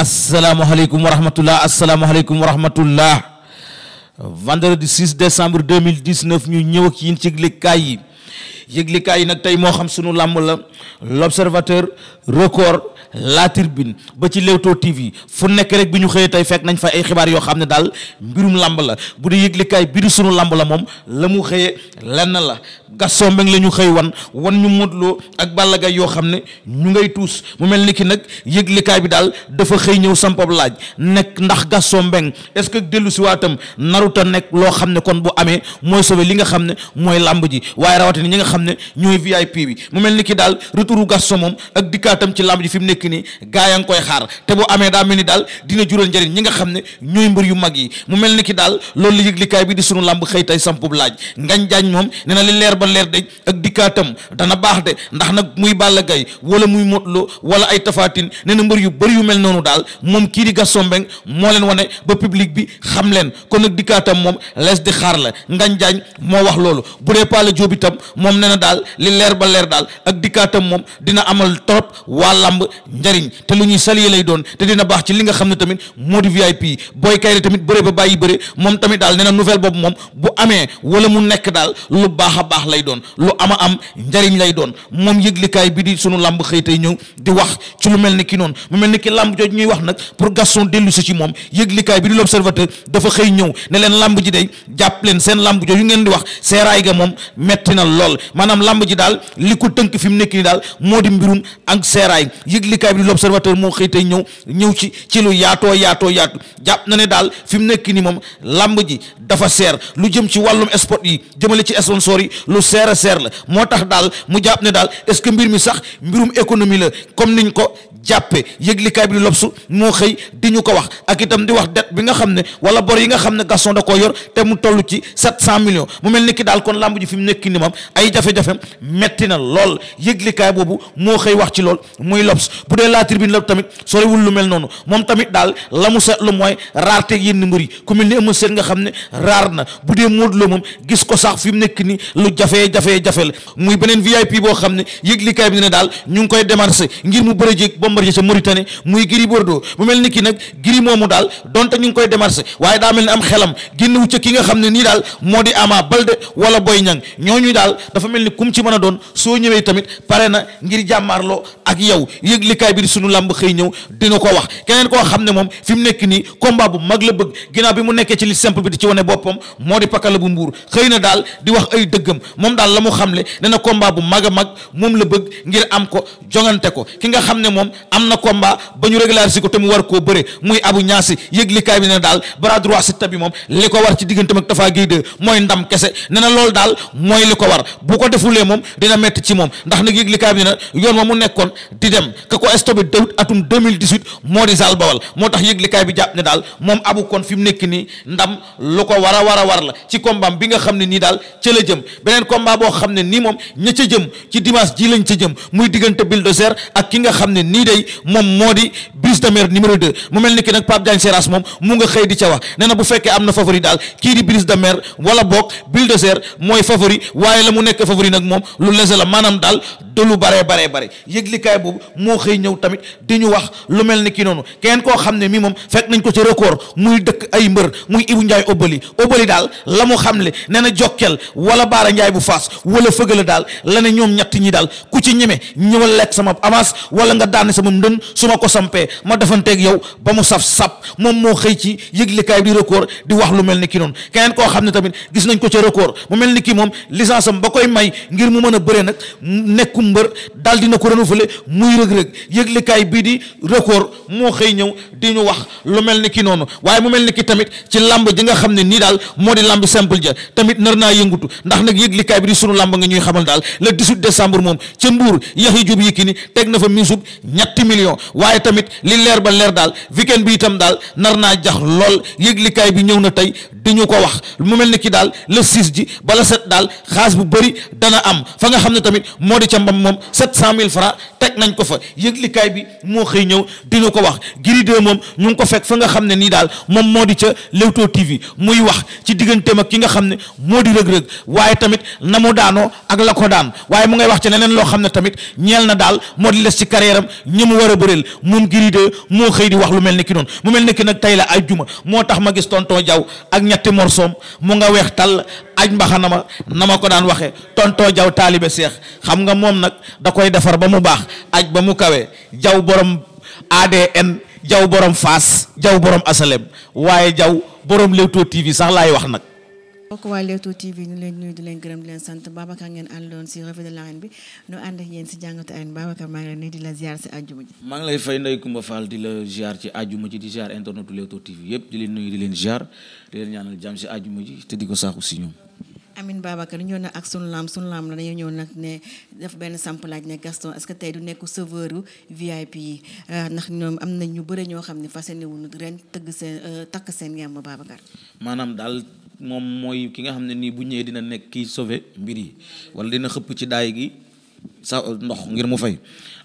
asalaamaaleykum wa rahmatullah asalaamaaleykum wa rahmatullah vendredi 6 décembre 2019 ñu ñëw ak yéen ci yi yëglekaay yi nag tey moo xam sunu làmb la l'observateur record la tribune ba ci Leewtoo TV fu nekk rek bi ñu xëyee tey fekk nañ fa ay xibaar yoo xam ne daal mbirum lamb la bu dee yëglikaay bi di sunu la moom la mu xëyee lenn la Gaston Mbengue la ñu xëy wan wan ñu Modou ak Balla yoo xam ne ñu ngay tuus mu mel ni ki nag yëglikaay bi daal dafa xëy ñëw sampab laaj nekk ndax Gaston Mbengue est-ce que dellu si waatam naruta nekk loo xam ne kon bu amee mooy sauver li nga xam ne mooy lamb ji waaye rawatina ñi nga xam ne ñooy VIP bi mu mel ni ki daal retouru Gaston moom ak dikkaatam ci lamb ji fi mu nekk nekk nii gaa yaa ngi koy xaar te bu amee daa mel ni daal dina jural njëriñ ñi nga xam ne ñooy mbër yu mag yi mu mel ni la yëglikaay bi di sunu làmb xëy tay sampub laaj ngañ jaañ na li ba leer de ak dikkaatam dana baax de ndax nag na mbër yu bëri yu mel noonu daal moom kii di Gaston Mbengue moo leen wane ba public bi xam leen kon nag dikkaatam moom lees di xaar la ngañ jaañ moo wax loolu bu dee Palla Diop itam moom nee na daal li leer ba leer daal ak dikkaatam moom dina amal trop waa làmb njariñ te lu ñuy sali lay doon te dina baax ci li nga xam ne tamit moo di VIP booy kayri tamit bëre ba bàyyi bëre moom tamit daal nee na nouvelle boobu moom bu amee wala mu nekk daal lu baax a baax lay doon lu ama am njariñ lay doon moom yëglikaay bi di sunu làmb xëy tey ñëw di wax ci lu mel ni ki noonu mu mel ni ki làmb jooj ñuy wax nag pour Gaston dellu si ci moom yëglikaay bi di l'observateur dafa xëy ñëw ne leen làmb ji day jàpp leen seen làmb jooju ngeen di wax seeraay ga moom metti na lool maanaam làmb ji daal li ko tënk fi mu nekk ni daal moo di mbirum ak seeraay yëgli yéenekaay bi di l'observateur moo xëy tey ñëw ñëw ci ci lu yaatoo yaatoo yaatu jàpp na ne daal fi mu nekk nii moom làmb ji dafa seer lu jëm ci wàllum sport yi jëmale ci sponsor yi lu seer a seer la moo tax daal mu jàpp ne daal est-ce que mbir mi sax mbirum économie la comme niñ ko jàppe yëglikaay bi di lobsu moo xëy di ñu ko wax ak itam di wax dette bi nga xam ne wala bor yi nga xam ne Gaston da koo yor te mu toll ci sept cent millions mu mel ni ki daal kon làmb ji mu nekk ni moom ay jafe-jafe metti na lool yëglikaay boobu moo xëy wax ci lool muy lobs bu dee la tribune la tamit sorewul lu mel noonu moom tamit daal la mu seetlu mooy raarte yenn mbër yi ku mel ni Eumeu Sène nga xam ne raar na bu dee Modou Lo moom gis ko sax fi mu nekk ni lu jafee jafee jafe la muy beneen VIP boo xam ne yëglikaay bi ne daal ñu ngi koy démarché ngir mu bëre jéeg Bombardier ca Mauritanie muy Gris Bordeaux mu mel ni ki nag Gris moomu daal donte ñu ngi moo di Ama Baldé wala Boy Niang ñooñu daal dafa mel ni ci mën a doon soo ñëwee tamit pare na ngir jàmmaarloo ak yow yëglikaay bi di sunu làmb xëy ñëw dina ko wax keneen koo xam ne moom fi mu nekk nii combat mag la bëgg ginnaaw bi mu nekkee ci li simple bi di ci wane boppam moo di pakala bu mbuur xëy na daal di wax ay dëggam moom daal la mu xamle ne na combat bu mag a mag moom la bëgg ngir am ko jongante ko ki nga xam ne moom am na combat ba ñu régulariser ko te mu war koo bëre muy abu ñaasi yëglikaay bi ne daal bras droit Siteu bi moom li ko war ci diggante mag Tapha Gueye 2 mooy ndam kese ne na loolu daal mooy li ko war bu ko defulee moom dina metti ci moom ndax nag yëglikaay bi ne yoon ma mu nekkoon di dem ka ko stopé dawut atum 2018 moo di sal bawal moo tax yëglikaay bi jàpp ne daal moom abu kon fi mu nekk nii ndam lu ko war a war a war la ci combat bi nga xam ne nii daal ca la jëm beneen combat boo xam ne nii moom ña ca jëm ci dimanche ji lañ ca jëm muy diggante bulldozer ak ki nga xam ne nii liggéey moom moo di bus de mer numéro 2 mu mel ni ki nag Pape Diagne Seras moom mu nga xëy di ca wax nee na bu fekkee am na favori daal kii di brise de mer wala boog bulldozer mooy favori waaye la mu nekk favori nag moom lu lese la maanaam daal te lu baree baree bare yëglikaay boobu moo xëy ñëw tamit di ñu wax lu mel ni ki noonu koo xam ne mi moom fekk nañ ko ci record muy dëkk ay mbër muy Ibou Ndiaye Obali Obali daal la mu xamle nee na Jokkel wala Baara Ndiaye bu Faas wala Fëgala daal la ne ñett ñi daal ku ci ñeme ñëwal sama avance wala nga daane sama ndën su ma ko sampee ma defanteeg yow ba mu saf sap moom moo xëy ci yëglikaay bi record di wax lu mel ni ki noonu keneen koo xam ne tamit gis nañ ko ci record mu mel ni ki moom licence am ba koy may ngir mu mën a bëree nag nekkum mbër daal dina ko renouveler muy rëg-rëg yëglikaay bii di record moo xëy ñëw di ñu wax lu mel ni ki noonu waaye mu mel ni ki tamit ci lamb ji nga xam ne nii daal moo di lamb simple ja tamit nar naa yëngutu ndax nag yëglikaay bi di sunu lamb nga ñuy xamal daal le 18 décembre moom ca Mbour Yaxya Jóob Yékini teg na fa misub ñetti millions waaye tamit li leer ba leer daal weekend bi itam daal nar naa jax lool yëglikaay bi ñëw na tey di ñu ko wax mu mel ni ki daal le 6 ji bala set daal xaas bu moom 700000 francs teg nañ ko fa yëglikaay bi moo xëy ñëw dina ko wax Gris 2 moom ñu ngi ko fekk fa nga xam ne nii daal moom moo di ca Leewtoo TV muy wax ci ki nga xam ne moo di rëg-rëg waaye tamit na mu daanoo ak la ko daan waaye mu ngay wax ci leneen loo xam ne tamit ñeel na daal moo di les ci carrière am ñi mu war a bëreel moom Gris 2 moo xëy di wax lu mel ni ki noonu mu mel ni ki nag tey la ay juma moo tax ma gis tonton Jaw ak ñetti morsoom mu nga weex tal aj mbaxana ma na ma ko daan waxee tonton Jaw taalibe Seex xam nga moom nag da koy defar ba mu baax aj ba mu kawee jaw borom ADN jaw borom Fass jaw borom asalem waaye jaw borom Leewtoo TV sax laay wax nag. mbokk waa Leewtoo TV ñu leen nuyu di leen gërëm di leen sant Babacar ngeen àndoon si revue de l'arène bi ñu ànd ak yéen si jàngatu arène Babacar di la ziar si àjjuma ji. maa lay fay Ndeye Koumba Fall di la ziar ci àjjuma ji di ziar internetu Leewtoo TV yëpp di leen nuyu di leen ziar di leen ñaanal jàmm si àjjuma ji te di ko saaku si ñoom. Amine Babacar ñoo na ak sunu laam sunu laam na dañoo ñëw nag ne def benn samp laaj ne Gaston est-ce tey du nekku serveur VIP yi euh, ndax ñoom am na ñu bëre ñoo xam ne fas yéene wuñu ren tëgg seen euh, takk seen yàmb Babacar. maanaam daal moom mooy ki nga xam ne nii bu ñëwee dina nekk kii sauvé mbir yi wala dina xëpp ci daay gi sa ndox ngir mu fay.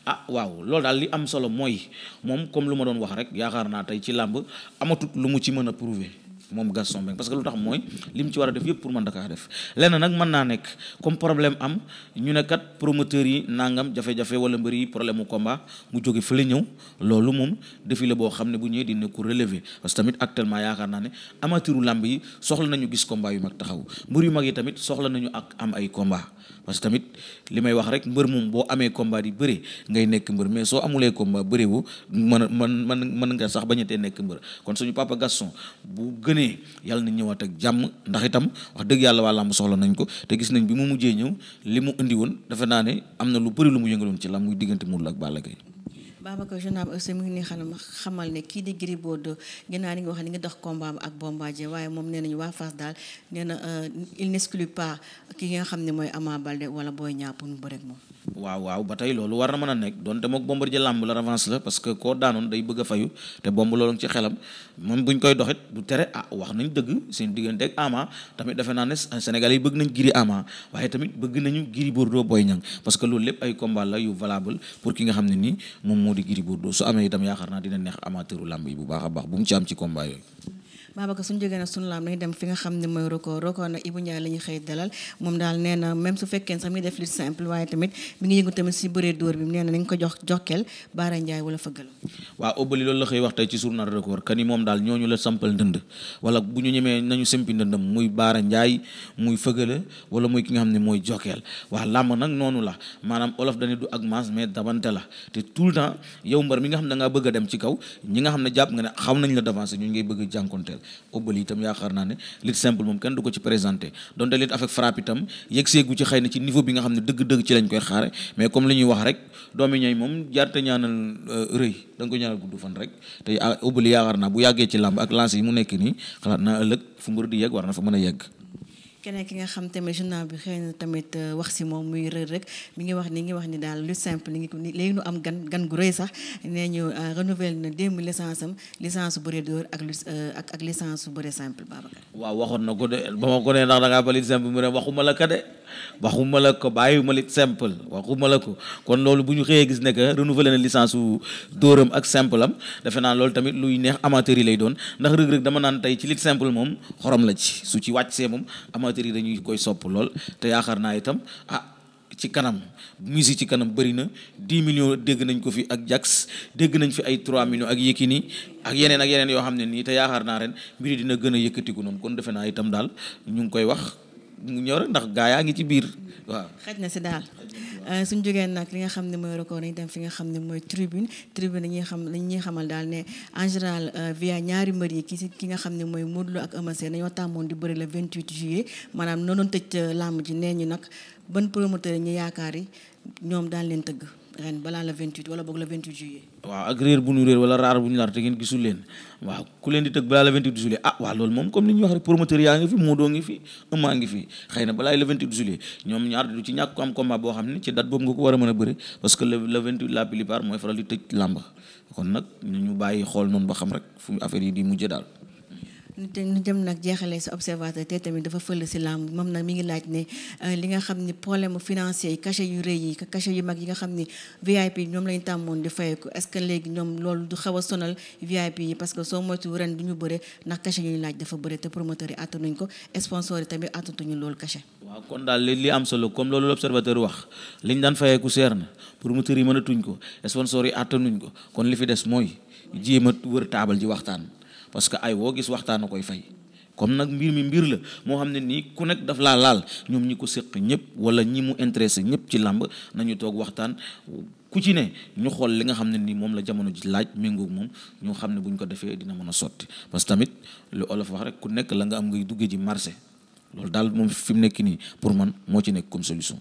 ah waaw loolu daal li am solo mooy moom comme lu ma doon wax rek yaakaar naa tey ci làmb amatut lu mu ci mën a prouver. moom Gaston Mbengue parce que lu tax mooy li ci war a def yëpp pour mën dakaa def lenn nag mën naa nekk comme problème am ñu ne kat promoteurs yi nangam jafe-jafe wala mbër yi problème mu combat mu jóge fële ñëw loolu moom défi la boo xam ne bu ñëwee dina ko relever parce que tamit actuellement yaakaar naa ne amateuru làmb yi soxla nañu gis combat yu mag taxaw mbër yu mag yi tamit soxla nañu ak am ay combat parce que tamit li may wax rek mbër moom boo amee combat di bëre ngay nekk mbër mais soo amulee combat bëre wu mën mën mën mën nga sax ba bañatee nekk mbër kon suñu papa Gaston bu gën gënee yàlla na ñëwaat ak jàmm ndax itam wax dëgg yàlla waa làmb soxla nañ ko te gis nañ bi mu mujjee ñëw li mu indi woon defe naa ne am na lu bëri lu mu yëngaloon ci làmb muy diggante Modou ak Balla Gaye Babacar Journal aussi mu ngi nii xalam xamal ne kii di Gris Bordeaux ginnaaw ni nga wax ni nga dox combat am ak Bombardier waaye moom nee nañu waa Fass daal nee na euh, il n'exclut pas ki nga xam ne mooy Ama Baldé wala Boy Niang mu ba tey loolu war na mën a nekk donte mook Bombardier làmb la revanche la a fayu te bomb loolu ci xelam moom buñ koy doxit du ah, nañ dëgg seen diggante ak Ama tamit defe naa ne Sénégal yi bëgg nañ Gris Ama waaye tamit bëgg nañu Gris Bordeaux Boy Niang parce que loolu lépp ay combat la yu di Gris Bordeaux su amee itam yaakaar na dina neex amateuru làmb bu baax a baax bu mu ci am ci combat Babacar suñu jógee nag suñu laam dañuy dem fi nga ne mooy record record nag moom daal nee na même su fekkee sax mi def lutte simple waaye tamit mi ngi yëngu tamit si bëree dóor bi nee na nañ ko jox jokkeel Baara Ndiaye wala fëggal waaw Obali loolu la xëy wax tey ci journal record kani moom daal ñooñu la sampal ndënd wala ñu ñemee nañu simpi ndëndam muy Baara Ndiaye muy fëgala wala muy ki nga xam ne mooy jokkeel waaw làmb nag noonu la maanaam olof dañu du ak maas mais dabante la te tout le temps yow mbar mi nga xam ne da ngaa bëgg dem ci kaw ñi nga xam ne jàpp nga ne xaw nañ la devancer ñu ngay bëgg jànkonteel Obeuly itam yaakaar naa ne lutte simple moom kenn du ko ci présenté donte lutte avec frappe itam yegg seegu ci xëy na ci niveau bi nga xam ne dëgg-dëgg ci lañ koy xaar mais comme li ñuy wax rek doomi ñooy moom jaarte ñaanal euh, rëy da nga ko ñaanal gudd fan rek te Obeuly yaakaar naa bu yàggee ci làmb ak lancé yi mu nekk nii xalaat naa ëllëg fu mbër di yegg war na fa mën a yegg keneen ki nga xam tamit journal bi xëy na tamit euh, wax si moom muy rër rek mi ngi wax ni ngi wax ni daal lu simple ni ngi ko léegi nu am gan gan gu rëy sax nee ñu euh, renouvelle na démb licence am licence bëre dóor ak euh, ak ak licence bëre simple Babacar waaw waxoon na ko de ba ma ko nee ndax da ngaa balit simple mu ne waxuma la ko de waxuma la ko bàyyiwuma lit simple waxuma la ko kon loolu bu ñu xëyee gis ne que renouvelé na su dóoram ak simple am defe naa loolu tamit luy neex amateur yi lay doon ndax rëg-rëg dama naan tey ci lit simple moom xorom la ci su ci wàcc see moom amateurs dañu koy sopp lool te yaakaar naa itam ah ci kanam musique ci kanam bëri na 10 millions dégg nañ ko fi ak Jax dégg nañ fi ay 3 millions ak yëkki nii ak yeneen ak yeneen yoo xam ne nii te yaakaar naa ren mbiri dina gën a yëkkatiku noonu kon defe naa itam daal ñu ngi koy wax mu ñor ndax gaa yaa ngi ci biir waaw. xaj na si daal euh, suñ jógee nag li nga xam ne mooy record nañ dem fi nga xam ne mooy tribune tribune la ñuy xam la ñuy xamal daal ne en général euh, via ñaari mbër yi ki ki nga xam ne mooy Modou Lo ak Eumeu Sène dañoo tàmmoon di bëri le 28 juillet maanaam noonu tëj euh, làmb ji nee ñu nag. ban promoteur ñu yaakaar yi ñoom daan leen tëgg ren balaa le 28 wala boog le 28 juillet. waaw ak réer bu ñu réer wala raar bu ñu raar te ngeen gisul leen waaw ku leen di tëgg balaa le 28 juillet ah waaw loolu moom comme ni ñuy wax rek promoteur yaa ngi fi Modou ngi fi Ama ngi fi xëy na balaa le 28 juillet ñoom ñaar du ci ñàkk ko am combat boo xam ne ci date boobu nga ko war a mën a bëre parce que la plupart mooy faral ñu bàyyi xool noonu ba xam rek fu affaire yi di mujjee daal. ñu dem nag jeexalee si observateur te tamit dafa fël si làmb moom nag mi ngi laaj ne euh, li nga xam ni problème financier yi cachet yu rëy yi cachet yu mag yi nga xam ni VIP ñoom lañu tàmmoon di fayeku est-ce que léegi ñoom loolu du xaw a sonal VIP yi parce que soo moytu ren du ñu bëre ndax cachet yu ñu laaj dafa bëre te promoteur yi attanuñ ko sponsor yi tamit attatuñu loolu cachet waaw kon daal li li am solo comme loolu l'observateur wax liñ daan fayeku seer na promoteur yi mënatuñ ko sponsor yi attanuñ ko kon li fi des mooy jéem a wër taabal ji parce que ay woo gis a koy fay comme nag mbir mi mbir la moo xam ne nii ku nekk daf laa laal ñoom ñi ko séq ñëpp wala ñi mu intéressé ñëpp ci làmb nañu toog waxtaan ku ci ne ñu xool li nga xam ne nii moom la jamono ji laaj méngoog moom ñu xam ne bu ko defee dina mën a sotti parce que tamit lu olof wax rek ku nekk la nga am ngay duggee ji marché loolu daal moom fi mu nekk nii pour man moo ci nekk comme solution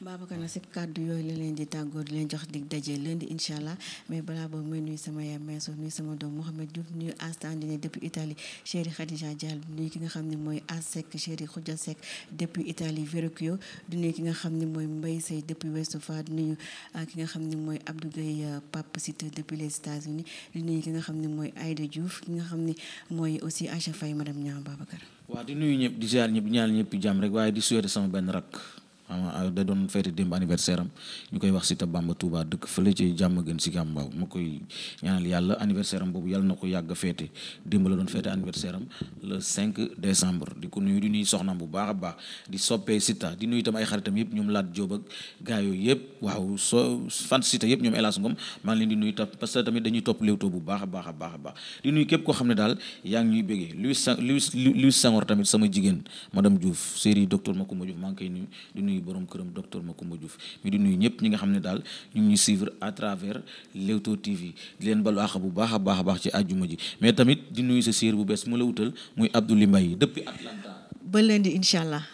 Babacar na si kàddu yooyu la leen di tàggoo di leen jox dig daje leen incha allah mais balaa boobu may nuyu sama yaay Mansour sama doom Mouhamed Diouf nuyu astandine depuis Italie chéri Khadija ki nga xam ne mooy Asek chéri Khoudia Seck depuis du ki nga xam ne mooy Mbaye Sey depuis Ouest Foire ah, ki nga xam ne mooy Abdou Gueye euh, Pape Site depuis les États-Unis di nuyu ki nga xam ne mooy Aïda Diouf ki nga xam ni mooy aussi Aïcha Faye madame Niang Babacar. waaw di nuyu ñëpp di ziar ñëpp ñaan ñëpp jàmm rek waaye di souhaiter sama benn rakk. da doon feete démb wax Siteu Bamba Touba dëkk fële ci jàmm gën si gàmbaaw na ko yàgg feete démb la doon feete anniversaire am le 5 décembre bu baax a baax di soppee Siteu di nuyu itam ay yëpp ñoom Laat Jóob ak gaa yooyu yëpp waaw so fan Siteu yëpp ñoom di nuyu tam parce que tamit dañuy topp Leewtoo bu baax a baax a baax a baax di nuyu képp koo xam ne daal yaa ngi ñuy bégee Louis Louis Louis Senghor tamit sama jigéen madame Diouf série docteur Macoumba Diouf maa ngi koy nuyu nuyu borom këram docteur Macoumba Diouf mi di nuy ñëpp ñi nga xam ne daal ñu ngi ñu suivre à travers Leewtoo TV di leen balu àq bu baax a baax a baax ci àjjuma ji mais tamit di nuyu sa séer bu bees mu la wutal muy Abdoulaye Mbaye depuis Atlanta ba leen di incha allah